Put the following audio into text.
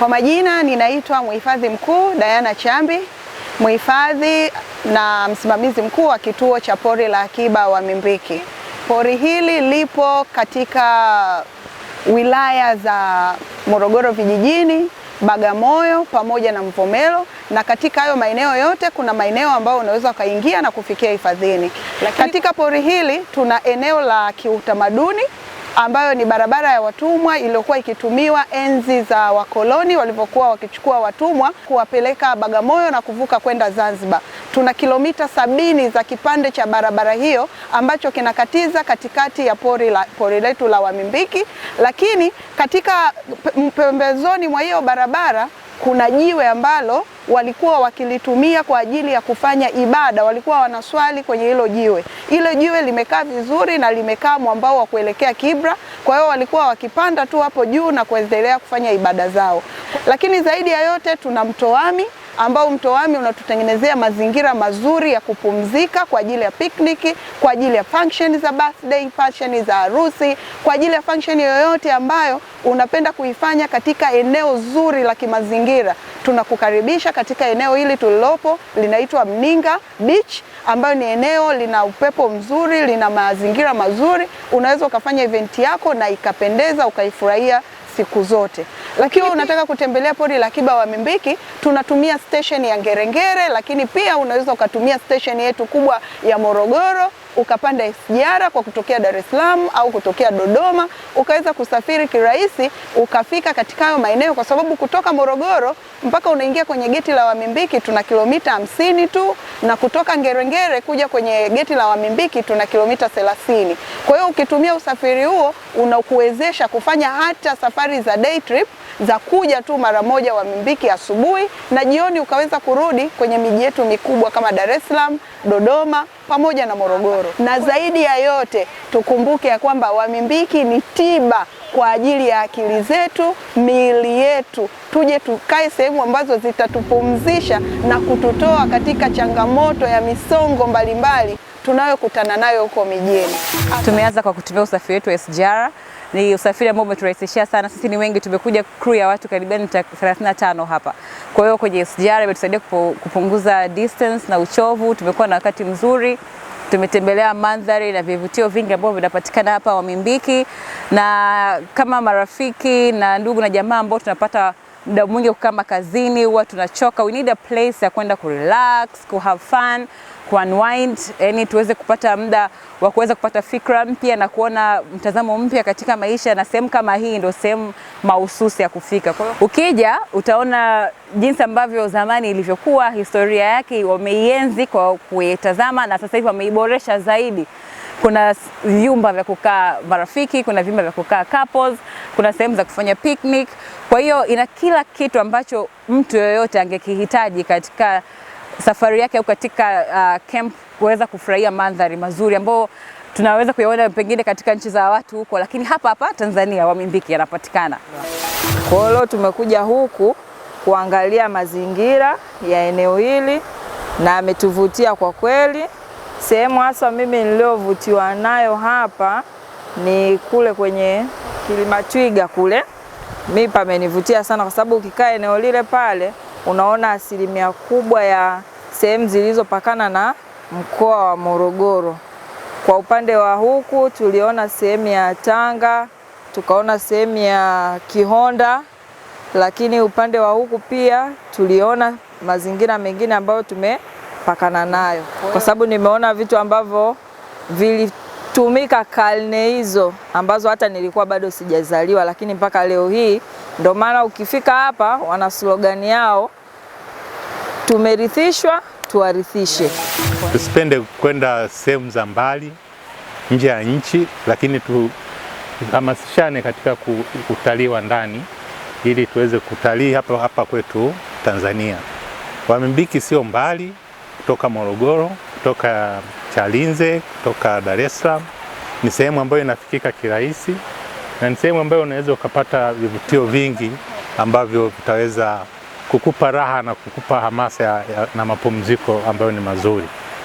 Kwa majina ninaitwa mhifadhi mkuu Diana Chambi, mhifadhi na msimamizi mkuu wa kituo cha pori la akiba Wamimbiki. Pori hili lipo katika wilaya za Morogoro vijijini, Bagamoyo pamoja na Mvomero, na katika hayo maeneo yote kuna maeneo ambayo unaweza ukaingia na kufikia hifadhini. Katika pori hili tuna eneo la kiutamaduni ambayo ni barabara ya watumwa iliyokuwa ikitumiwa enzi za wakoloni walivyokuwa wakichukua watumwa kuwapeleka Bagamoyo na kuvuka kwenda Zanzibar. Tuna kilomita sabini za kipande cha barabara hiyo ambacho kinakatiza katikati ya pori la, pori letu la Wamimbiki, lakini katika pembezoni mwa hiyo barabara kuna jiwe ambalo walikuwa wakilitumia kwa ajili ya kufanya ibada, walikuwa wanaswali kwenye hilo jiwe. Ile jiwe limekaa vizuri na limekaa mwambao wa kuelekea Kibra, kwa hiyo walikuwa wakipanda tu hapo juu na kuendelea kufanya ibada zao. Lakini zaidi ya yote tuna mto Wami ambao mto Wami unatutengenezea mazingira mazuri ya kupumzika kwa ajili ya picnic, kwa ajili ya function za birthday, function za harusi, kwa ajili ya function yoyote ambayo unapenda kuifanya katika eneo zuri la kimazingira tunakukaribisha katika eneo hili tulilopo, linaitwa Mninga Beach, ambayo ni eneo lina upepo mzuri, lina mazingira mazuri. Unaweza ukafanya eventi yako na ikapendeza ukaifurahia siku zote. Lakini unataka kutembelea pori la Akiba Wamimbiki, tunatumia station ya Ngerengere, lakini pia unaweza ukatumia station yetu kubwa ya Morogoro ukapanda SGR kwa kutokea Dar es Salaam au kutokea Dodoma, ukaweza kusafiri kirahisi ukafika katika hayo maeneo, kwa sababu kutoka Morogoro mpaka unaingia kwenye geti la Wamimbiki tuna kilomita hamsini tu, na kutoka Ngerengere kuja kwenye geti la Wamimbiki tuna kilomita thelathini. Kwa hiyo ukitumia usafiri huo unakuwezesha kufanya hata safari za day trip za kuja tu mara moja Wamimbiki asubuhi na jioni ukaweza kurudi kwenye miji yetu mikubwa kama Dar es Salaam, Dodoma pamoja na Morogoro. Na zaidi ya yote tukumbuke ya kwamba Wamimbiki ni tiba kwa ajili ya akili zetu, miili yetu. Tuje tukae sehemu ambazo zitatupumzisha na kututoa katika changamoto ya misongo mbalimbali tunayokutana nayo huko mijini. Tumeanza kwa kutumia usafiri wetu wa SGR. Ni usafiri ambao umeturahisishia sana. Sisi ni wengi, tumekuja crew ya watu karibuni 35 hapa. Kwa hiyo kwenye SGR imetusaidia kupunguza distance na uchovu. Tumekuwa na wakati mzuri, tumetembelea mandhari na vivutio vingi ambavyo vinapatikana hapa Wamimbiki, na kama marafiki na ndugu na jamaa ambao tunapata muda mwingi kukama kazini, huwa tunachoka. We need a place ya kwenda kurelax, ku have fun kuunwind, yani tuweze kupata muda wa kuweza kupata fikra mpya na kuona mtazamo mpya katika maisha, na sehemu kama hii ndio sehemu mahususi ya kufika. Kwa hiyo ukija utaona jinsi ambavyo zamani ilivyokuwa, historia yake wameienzi kwa kuitazama, na sasa hivi wameiboresha zaidi. Kuna vyumba vya kukaa marafiki, kuna vyumba vya kukaa couples, kuna sehemu za kufanya picnic. Kwa hiyo ina kila kitu ambacho mtu yoyote angekihitaji katika safari yake au katika uh, camp kuweza kufurahia mandhari mazuri ambayo tunaweza kuyaona pengine katika nchi za watu huko, lakini hapa hapa Tanzania Wamimbiki yanapatikana. Kwa hiyo tumekuja huku kuangalia mazingira ya eneo hili na ametuvutia kwa kweli. Sehemu hasa mimi niliyovutiwa nayo hapa ni kule kwenye Kilimatwiga kule, mi pamenivutia sana, kwa sababu ukikaa eneo lile pale unaona asilimia kubwa ya sehemu zilizopakana na mkoa wa Morogoro. Kwa upande wa huku tuliona sehemu ya Tanga, tukaona sehemu ya Kihonda, lakini upande wa huku pia tuliona mazingira mengine ambayo tumepakana nayo, kwa sababu nimeona vitu ambavyo vilitumika karne hizo ambazo hata nilikuwa bado sijazaliwa, lakini mpaka leo hii ndio maana ukifika hapa wana slogan yao, tumerithishwa tuwarithishe. Tusipende kwenda sehemu za mbali nje ya nchi, lakini tuhamasishane katika utalii wa ndani ili tuweze kutalii hapa hapa kwetu Tanzania. Wamiliki sio mbali kutoka Morogoro, kutoka Chalinze, kutoka Dar es Salaam, ni sehemu ambayo inafikika kirahisi na ni sehemu ambayo unaweza ukapata vivutio vingi ambavyo vitaweza kukupa raha na kukupa hamasa na mapumziko ambayo ni mazuri.